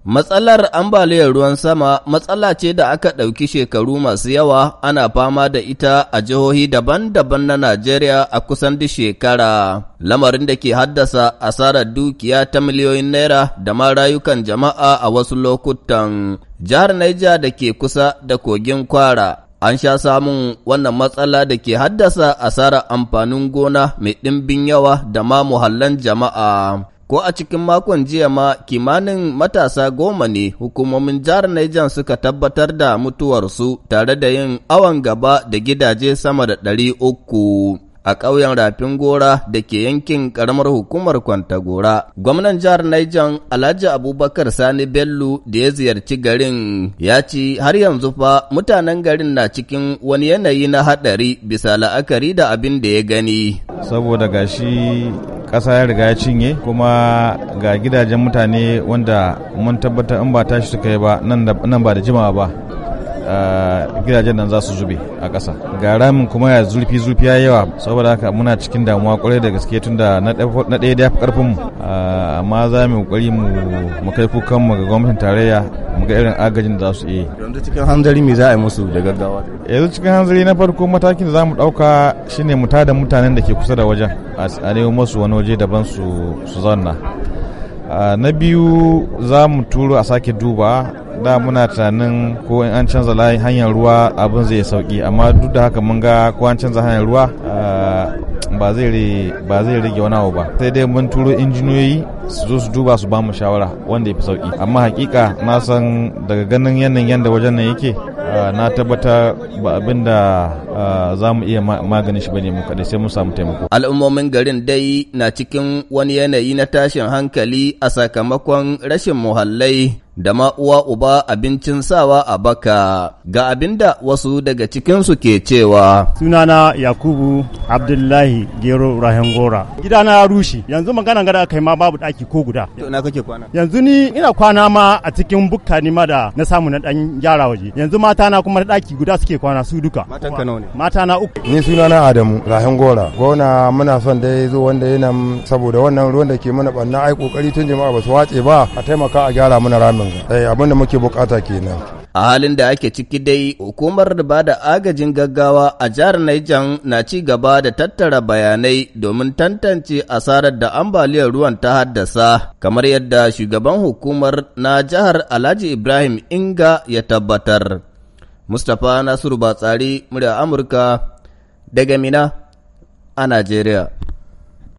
Matsalar ambaliyar ruwan sama matsala ce da aka ɗauki shekaru masu yawa ana fama da ita a jihohi daban-daban na Najeriya a kusan duk shekara, lamarin da ke haddasa asarar dukiya ta miliyoyin naira da ma rayukan jama'a a wasu lokutan. Jihar Niger da ke kusa da kogin kwara. An sha samun wannan matsala da ke haddasa asarar amfanin gona mai ɗimbin yawa da ma muhallan jama'a. ko a cikin makon jiya ma kimanin matasa goma ne hukumomin jihar Niger suka tabbatar da mutuwarsu tare da yin awon gaba da gidaje sama da ɗari uku. a ƙauyen Rafin Gora da ke yankin ƙaramar hukumar Kwantagora. Gwamnan jihar Niger Alhaji Abubakar Sani Bello da ya ziyarci garin ya ce har yanzu fa mutanen garin na cikin wani yanayi na haɗari bisa la'akari da abin da ya gani. Saboda gashi kasa ya riga ya cinye kuma ga gidajen mutane wanda mun tabbatar in ba tashi suka yi ba nan ba da jimawa ba gidajen nan za su zube a ƙasa ga ramin kuma ya zurfi zurfi ya yawa saboda haka muna cikin damuwa kwarai da gaske tun da na ɗaya da ya fi ƙarfinmu amma za mu mu kai kukanmu ga gwamnatin tarayya muga irin agajin da za su yi yanzu cikin hanzari me za a yi musu da gaggawa yanzu cikin hanzari na farko matakin da za mu ɗauka shine mu tada mutanen da ke kusa da wajen a nemo musu wani waje daban su su zauna na biyu za mu turo a sake duba da muna tunanin ko in an canza hanyar ruwa abin zai sauki amma duk da haka mun ga ko an canza hanyar ruwa ba zai rage wani abu ba sai dai mun turo injiniyoyi su zo su duba su ba mu shawara wanda ya fi sauki amma hakika na san daga ganin yanayin yanda wajen nan yake ah, na tabbata ba abin da ah, za mu iya magani shi ba mu kadai sai mun samu taimako al'ummomin garin dai na cikin wani yanayi na tashin hankali a sakamakon rashin muhallai da ma uwa uba abincin sawa a baka ga abinda wasu daga cikinsu ke cewa. Sunana Yakubu Abdullahi Gero Rahen Gora. Gidana ya rushe, yanzu magana gada kai ma babu ɗaki ko guda. kake kwana? Yanzu ni ina kwana ma a cikin bukka ni ma da na samu na ɗan gyara waje. Yanzu mata na kuma na ɗaki guda suke kwana su duka. Matan ka ne? Mata na uku. Ni sunana Adamu Rahen Gora. Gona muna son dai zo wanda yana saboda wannan ruwan da ke mana ɓanna ai kokari tun jama'a ba su wace ba a taimaka a gyara mana rami. nan ga eh, abin da muke bukata kenan a halin da ake ciki dai hukumar da ba da agajin gaggawa a jihar Niger na ci gaba da tattara bayanai domin tantance asarar da ambaliyar ruwan ta haddasa kamar yadda shugaban hukumar na jihar Alhaji Ibrahim Inga ya tabbatar Mustapha Nasiru Batsari murya Amurka daga Mina a Najeriya